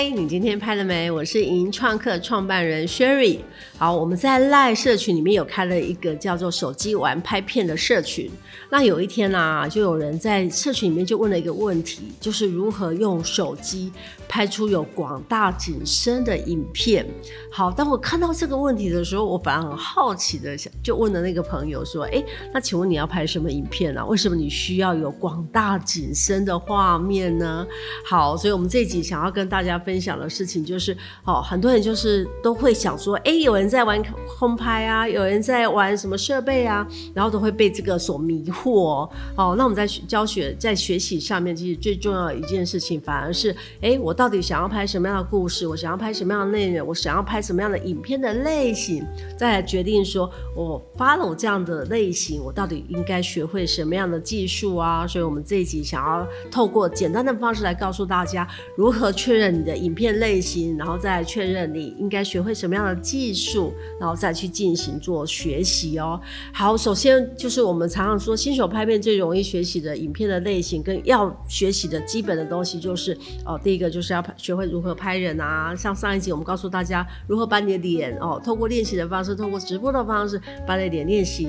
Hi, 你今天拍了沒？我是影音創客創辦人 Sherry。好，我們在賴社群裡面有開了一個叫做“手機玩拍片”的社群。那有一天呢、啊，就有人在社群裡面就問了一個問題，就是如何用手機拍出有廣大景深的影片。好，當我看到這個問題的時候，我反而很好奇的想，就問了那個朋友說：“誒、欸，那請問你要拍什麼影片呢、啊？為什麼你需要有廣大景深的畫面呢？”好，所以我們這集想要跟大家。分享的事情就是，哦，很多人就是都會想說，哎，有人在玩空拍啊，有人在玩什麼設備啊，然後都會被這個所迷惑。哦，那我們在學教學在學習上面，其實最重要的一件事情，反而是，哎，我到底想要拍什麼樣的故事？我想要拍什麼樣的內容？我想要拍什麼樣的影片的類型？再來決定說，我 follow 這樣的類型，我到底應該學會什麼樣的技術啊？所以，我們這一集想要透過簡單的方式來告訴大家，如何確認你的。影片類型，然後再確認你應該學會什麼樣的技術，然後再去進行做學習哦。好，首先就是我們常常說新手拍片最容易學習的影片的類型跟要學習的基本的東西，就是哦，第一個就是要拍學會如何拍人啊。像上一集我們告訴大家如何把你的臉哦，透過練習的方式，透過直播的方式把你的臉練習。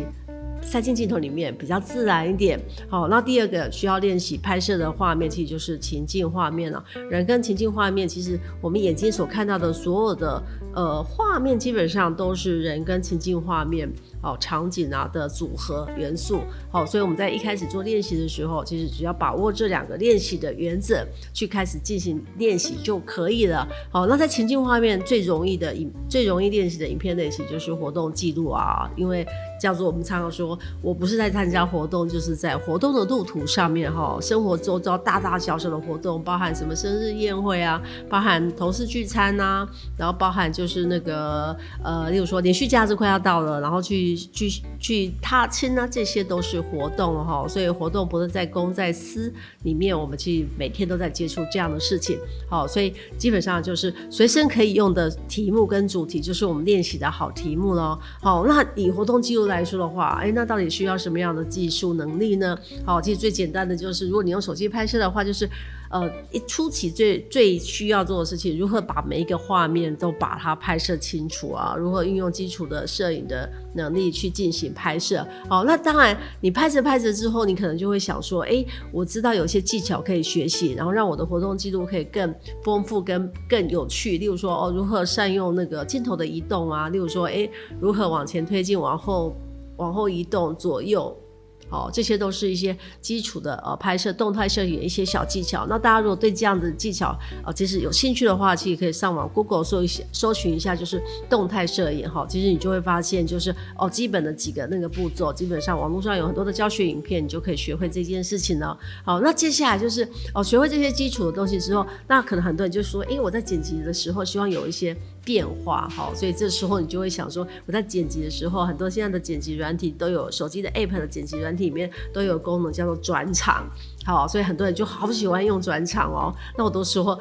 塞進鏡頭裡面比較自然一點。好，那第二個需要練習拍攝的畫面其實就是情境畫面了啊。人跟情境畫面，其實我們眼睛所看到的所有的呃畫面，基本上都是人跟情境畫面。哦，場景啊的組合元素，好、哦，所以我們在一開始做練習的時候，其實只要把握這兩個練習的原則，去開始進行練習就可以了。好、哦，那在情境畫面最容易的影，最容易練習的影片類型就是活動記錄啊，因為叫做我們常常說，我不是在參加活動，就是在活動的路途上面哈、哦，生活周遭大大小小的活動，包含什麼生日宴會啊，包含同事聚餐吶、啊，然後包含就是那個呃，例如說連續假日快要到了，然後去。去去踏青啊，這些都是活動哈、哦，所以活動不是在公在私裡面，我們去每天都在接觸這樣的事情，好、哦，所以基本上就是隨身可以用的題目跟主題，就是我們練習的好題目嘍。好、哦，那以活動記錄來說的話，哎、欸，那到底需要什麼樣的技術能力呢？好、哦，其實最簡單的就是，如果你用手機拍攝的話，就是。呃，一初期最最需要做的事情，如何把每一個畫面都把它拍攝清楚啊，如何運用基礎的攝影的能力去進行拍攝。好，那當然，你拍着拍着之後，你可能就會想說，誒、欸，我知道有些技巧可以學習，然後讓我的活動記錄可以更豐富、更更有趣。例如說，哦，如何善用那個鏡頭的移動啊？例如說，誒、欸，如何往前推進、往後、往後移動、左右。哦，這些都是一些基礎的呃拍攝動態攝影的一些小技巧。那大家如果對這樣的技巧啊、呃，其實有興趣的話，其實可以上網 Google 搜一搜尋一下，就是動態攝影哈、哦。其實你就會發現，就是哦，基本的幾個那個步驟，基本上網絡上有很多的教學影片，你就可以學會這件事情了。好，那接下來就是哦，學會這些基礎的東西之後，那可能很多人就說，誒、欸，我在剪輯的時候，希望有一些。變化哈，所以這時候你就會想說，我在剪輯的時候，很多現在的剪輯軟體都有，手機的 App 的剪輯軟體裡面都有功能叫做轉場，好，所以很多人就好喜歡用轉場哦。那我都說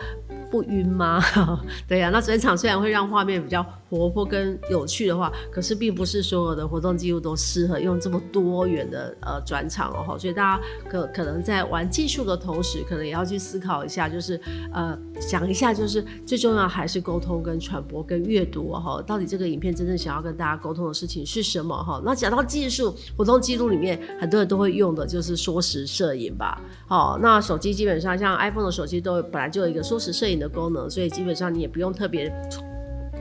不暈嗎？對啊，那轉場雖然會讓畫面比較活潑跟有趣的話，可是並不是所有的活動記錄都適合用這麼多元的呃轉場哦。所以大家可可能在玩技術的同時，可能也要去思考一下，就是呃想一下，就是最重要還是溝通跟傳播跟閱讀哦。到底這個影片真正想要跟大家溝通的事情是什麼哈？哦，那講到技術活動記錄裡面，很多人都會用的就是縮時攝影吧。哦，那手機基本上像 iPhone 的手機都本來就有一個縮時攝影的功能，所以基本上你也不用特別。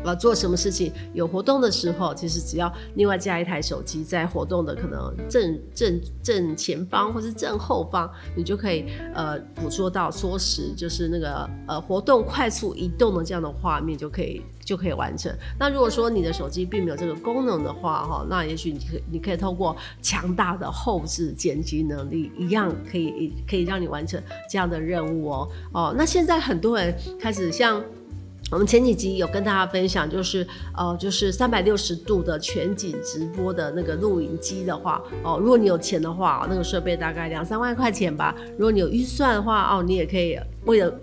呃，做什麼事情？有活動的時候，其實只要另外加一台手機，在活動的可能正正正前方或是正後方，你就可以呃捕捉到縮時，就是那個呃活動快速移動的這樣的畫面，就可以就可以完成。那如果說你的手機並沒有這個功能的話，哈、哦，那也許你可你可以透過強大的後製剪輯能力，一樣可以可以讓你完成這樣的任務哦。哦，那現在很多人開始像。我們前幾集有跟大家分享，就是呃，就是三百六十度的全景直播的那個錄影機的話，哦、呃，如果你有錢的話，那個設備大概兩三萬塊錢吧。如果你有預算的話，哦、呃，你也可以為了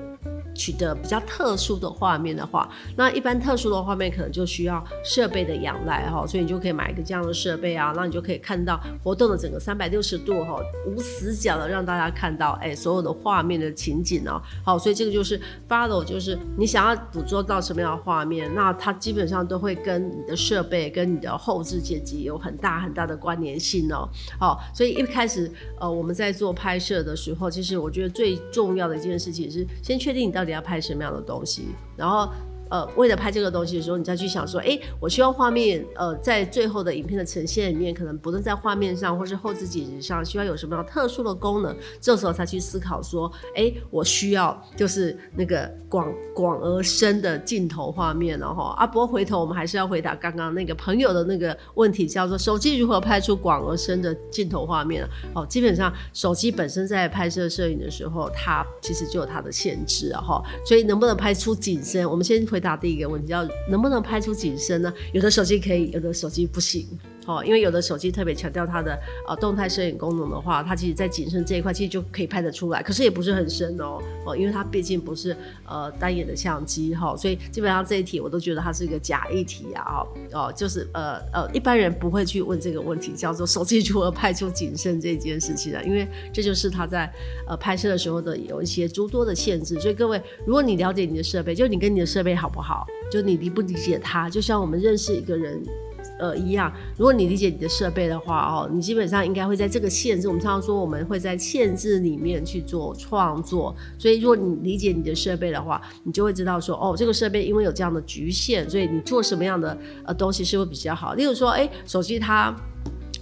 取得比較特殊的畫面的話，那一般特殊的畫面可能就需要設備的仰賴哈、喔，所以你就可以買一個這樣的設備啊，那你就可以看到活動的整個三百六十度哈、喔，無死角的讓大家看到哎、欸、所有的畫面的情景哦、喔。好，所以這個就是 follow，就是你想要捕捉到什麼樣的畫面，那它基本上都會跟你的設備跟你的後製剪輯有很大很大的關聯性哦、喔。好，所以一開始呃我們在做拍攝的時候，其實我覺得最重要的一件事情是先確定你的。到底要拍什麼樣的東西？然後。呃，為了拍這個東西的時候，你再去想說，哎、欸，我需要畫面，呃，在最後的影片的呈現裡面，可能不論在畫面上或是後置景上，需要有什麼樣特殊的功能，這時候才去思考說，哎、欸，我需要就是那個廣廣而深的鏡頭畫面了，了後啊，不過回頭我們還是要回答剛剛那個朋友的那個問題，叫做手機如何拍出廣而深的鏡頭畫面哦，基本上手機本身在拍攝攝影的時候，它其實就有它的限制，哈，所以能不能拍出景深，我們先回。打第一個問題叫能不能拍出景深呢、啊？有的手機可以，有的手機不行。哦，因為有的手機特別強調它的呃動態攝影功能的話，它其實在景深這一塊其實就可以拍得出來，可是也不是很深哦。哦，因為它畢竟不是呃單眼的相機哈，哦，所以基本上這一題我都覺得它是一個假議題啊。哦，就是呃呃，一般人不會去問這個問題，叫做手機如何拍出景深這件事情啊，因為這就是它在呃拍攝的時候的有一些諸多的限制。所以各位，如果你了解你的設備，就你跟你的設備好不好，就你理不理解它，就像我們認識一個人。呃，一樣。如果你理解你的設備的話哦，你基本上應該會在這個限制。我們常常說，我們會在限制裡面去做創作。所以，如果你理解你的設備的話，你就會知道說，哦，這個設備因為有這樣的局限，所以你做什麼樣的呃東西是會比較好。例如說，誒，手機它。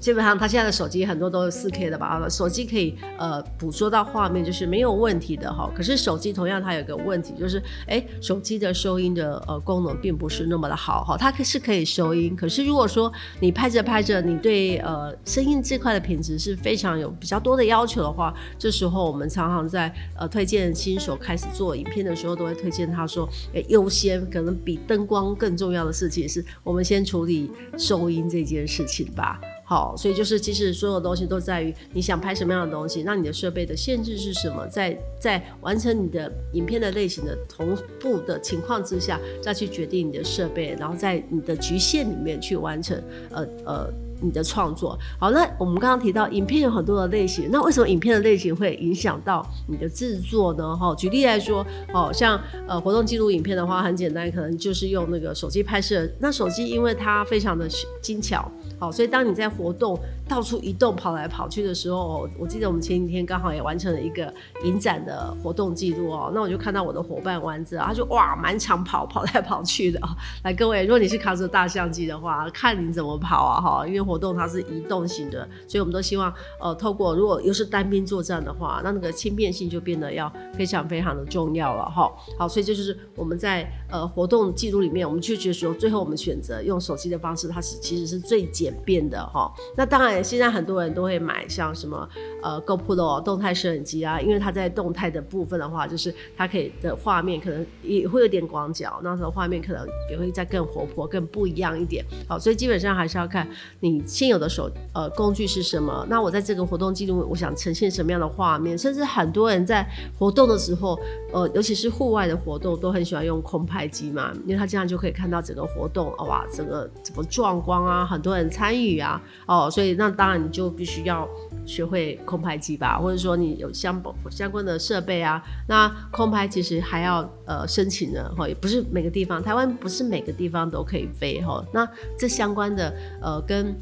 基本上，他現在的手機很多都是四 K 的吧？手機可以呃捕捉到畫面，就是沒有問題的哈。可是手機同樣它有一個問題，就是誒、欸，手機的收音的呃功能並不是那麼的好哈。它是可以收音，可是如果說你拍着拍着，你對呃聲音這塊的品質是非常有比較多的要求的話，這時候我們常常在呃推薦新手開始做影片的時候，都會推薦他說：誒、欸，優先可能比燈光更重要的事情，是我們先處理收音這件事情吧。好，所以就是，其實所有東西都在於你想拍什麼樣的東西，那你的設備的限制是什麼？在在完成你的影片的類型的同步的情況之下，再去決定你的設備，然後在你的局限裡面去完成，呃呃。你的創作。好，那我們剛剛提到影片有很多的類型，那為什麼影片的類型會影響到你的製作呢？哈、哦，舉例來說，哦，像呃活動記錄影片的話，很簡單，可能就是用那個手機拍攝。那手機因為它非常的精巧，好、哦，所以當你在活動。到處移動跑來跑去的時候，我記得我們前幾天剛好也完成了一個影展的活動記錄哦。那我就看到我的夥伴丸子，他就哇滿場跑，跑來跑去的。來，各位，如果你是扛着大相機的話，看你怎麼跑啊哈！因為活動它是移動型的，所以我們都希望呃透過如果又是單兵作戰的話，那那個輕便性就變得要非常非常的重要了哈。好，所以這就，就是我們在呃活動記錄裡面，我們就覺得說，最後我們選擇用手機的方式，它是其實是最簡便的哈。那當然。現在很多人都會買像什麼呃 GoPro、哦、動態攝影機啊，因為它在動態的部分的話，就是它可以的畫面可能也會有點廣角，那它的畫面可能也會再更活潑、更不一樣一點。好、哦，所以基本上還是要看你現有的手呃工具是什麼。那我在這個活動記錄，我想呈現什麼樣的畫面？甚至很多人在活動的時候，呃，尤其是戶外的活動，都很喜歡用空拍機嘛，因為它這樣就可以看到整個活動，哇，整個怎麼壯觀啊，很多人參與啊，哦，所以那。當然，你就必須要學會空拍機吧，或者說你有相相關的設備啊。那空拍其實還要呃申請呢？哈，也不是每個地方，台灣不是每個地方都可以飛哈。那這相關的呃跟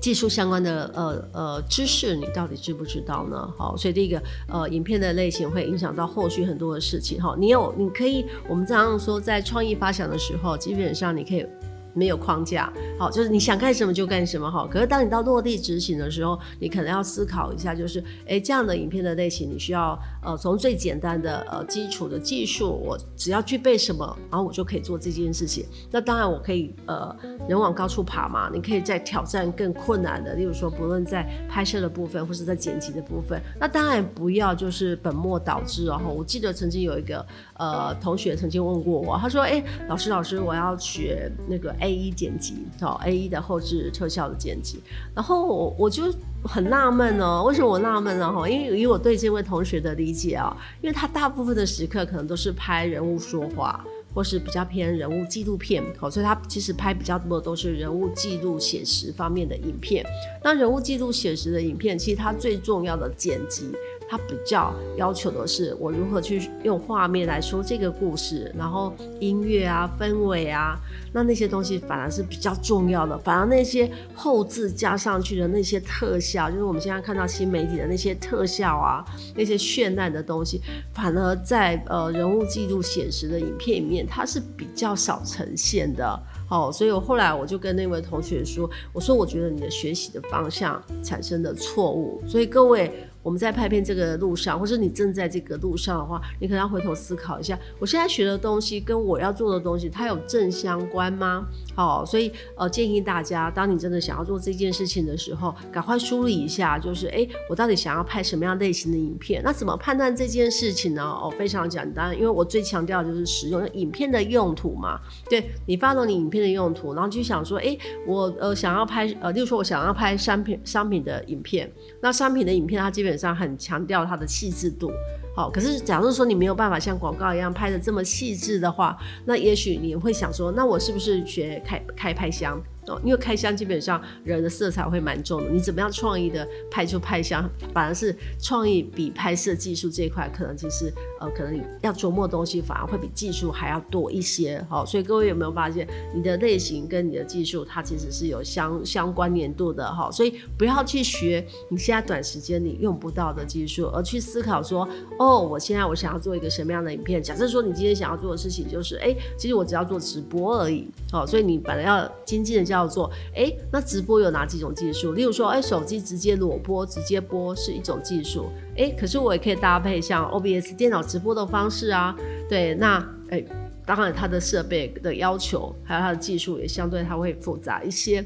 技術相關的呃呃知識，你到底知不知道呢？哈，所以第一個呃影片的類型會影響到後續很多的事情哈。你有你可以，我們常常說在創意發想的時候，基本上你可以。沒有框架，好，就是你想幹什麼就幹什麼哈。可是當你到落地執行的時候，你可能要思考一下，就是哎，這樣的影片的類型，你需要呃從最簡單的呃基礎的技術，我只要具備什麼，然後我就可以做這件事情。那當然我可以呃人往高處爬嘛，你可以再挑戰更困難的，例如說，不論在拍攝的部分或是在剪輯的部分，那當然不要就是本末倒置。然後，哦，我記得曾經有一個呃同學曾經問過我，他說：“哎，老師老師，我要學那個。” A E 剪輯哦，A E 的後製特效的剪輯，然後我我就很納悶哦，為什麼我納悶呢？哈，因為以我對這位同學的理解啊、喔，因為他大部分的時刻可能都是拍人物說話，或是比較偏人物紀錄片，所以他其實拍比較多的都是人物紀錄寫實方面的影片。那人物紀錄寫實的影片，其實它最重要的剪輯。他比較要求的是我如何去用畫面來說這個故事，然後音樂啊、氛圍啊，那那些東西反而是比較重要的。反而那些後製加上去的那些特效，就是我們現在看到新媒體的那些特效啊，那些絢爛的東西，反而在呃人物記錄現實的影片裡面，它是比較少呈現的。好、哦，所以我後來我就跟那位同學說，我說我覺得你的學習的方向產生的錯誤。所以各位。我們在拍片這個路上，或者你正在這個路上的話，你可能要回頭思考一下，我現在學的東西跟我要做的東西，它有正相關嗎？哦，所以呃建議大家，當你真的想要做這件事情的時候，趕快梳理一下，就是哎，我到底想要拍什麼樣類型的影片？那怎麼判斷這件事情呢？哦，非常簡單，因為我最強調就是使用，就是、影片的用途嘛，對你發動你影片的用途，然後就想說，哎，我呃想要拍呃，例如說我想要拍商品商品的影片，那商品的影片它基本。基本上很強調它的細緻度，好、哦，可是假如說你沒有辦法像廣告一樣拍得這麼細緻的話，那也許你也會想說，那我是不是學開開拍箱？哦，因為開箱基本上人的色彩會蠻重的，你怎麼樣創意的拍出拍箱，反而是創意比拍攝技術這一塊，可能就是呃，可能你要琢磨的東西反而會比技術還要多一些好，哦，所以各位有沒有發現，你的類型跟你的技術它其實是有相相關聯度的哈，哦。所以不要去學你現在短時間你用不到的技術，而去思考說哦，我現在我想要做一個什麼樣的影片。假設說你今天想要做的事情就是哎，欸，其實我只要做直播而已哦。所以你本來要精進。叫做，哎，那直播有哪幾種技術？例如說，哎，手機直接裸播、直接播是一種技術。哎，可是我也可以搭配像 OBS 電腦直播的方式啊。對，那，哎，當然它的設備的要求還有它的技術也相對它會複雜一些。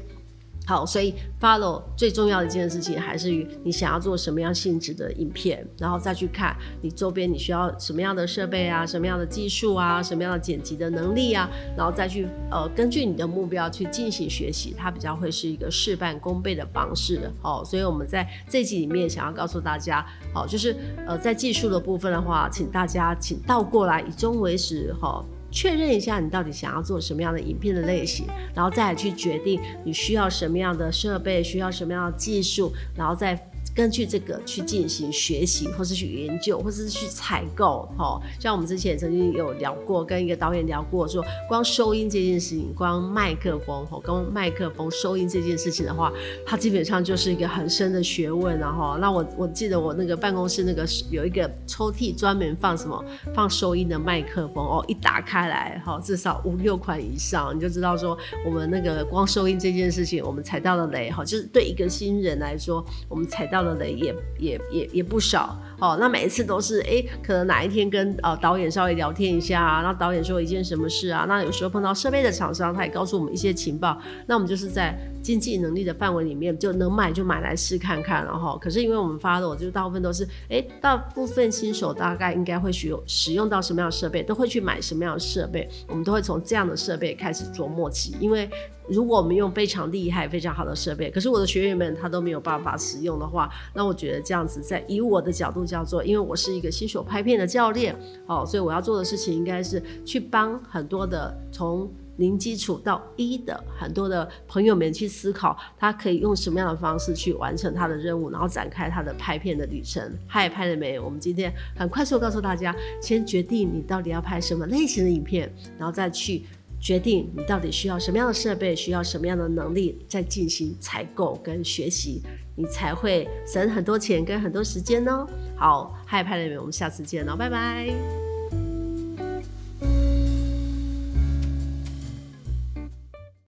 好，所以 follow 最重要的一件事情還是於你想要做什麼樣性質的影片，然後再去看你周邊你需要什麼樣的設備啊，什麼樣的技術啊，什麼樣的剪輯的能力啊，然後再去呃根據你的目標去進行學習，它比較會是一個事半功倍的方式的。好、哦，所以我們在這集裡面想要告訴大家，好、哦、就是呃在技術的部分的話，請大家請倒過來以終為始，好、哦，確認一下你到底想要做什麼樣的影片的類型，然後再來去決定你需要什麼樣的設備，需要什麼樣的技術，然後再。根據這個去進行學習，或是去研究，或是去採購，哦，像我們之前曾經有聊過，跟一個導演聊過，說光收音這件事情，光麥克風，哈，哦，光麥克風收音這件事情的話，它基本上就是一個很深的學問，啊，然後，哦，那我我記得我那個辦公室那個有一個抽屜專門放什麼，放收音的麥克風，哦，一打開來，哈，哦，至少五六款以上，你就知道說我們那個光收音這件事情，我們踩到了雷，哈，哦，就是對一個新人來說，我們踩到到的也也也也不少。哦，那每一次都是哎、欸，可能哪一天跟呃導演稍微聊天一下，啊，那導演說一件什麼事啊？那有時候碰到設備的廠商，他也告訴我們一些情報，那我們就是在經濟能力的範圍裡面，就能買就買來試看看了哈。可是因為我們發的，我就大部分都是哎、欸，大部分新手大概應該會使用使用到什麼樣的設備，都會去買什麼樣的設備，我們都會從這樣的設備開始琢磨起。因為如果我們用非常厲害、非常好的設備，可是我的學員們他都沒有辦法使用的話，那我覺得這樣子在以我的角度。叫做，因為我是一個新手拍片的教練哦，所以我要做的事情應該是去幫很多的從零基礎到一的很多的朋友們去思考，他可以用什麼樣的方式去完成他的任務，然後展開他的拍片的旅程。嗨，拍了沒？我們今天很快速告訴大家，先決定你到底要拍什麼類型的影片，然後再去決定你到底需要什麼樣的設備，需要什麼樣的能力，再進行採購跟學習。你才會省很多錢跟很多時間哦。好，嗨，拍片的們，我們下次見哦。拜拜。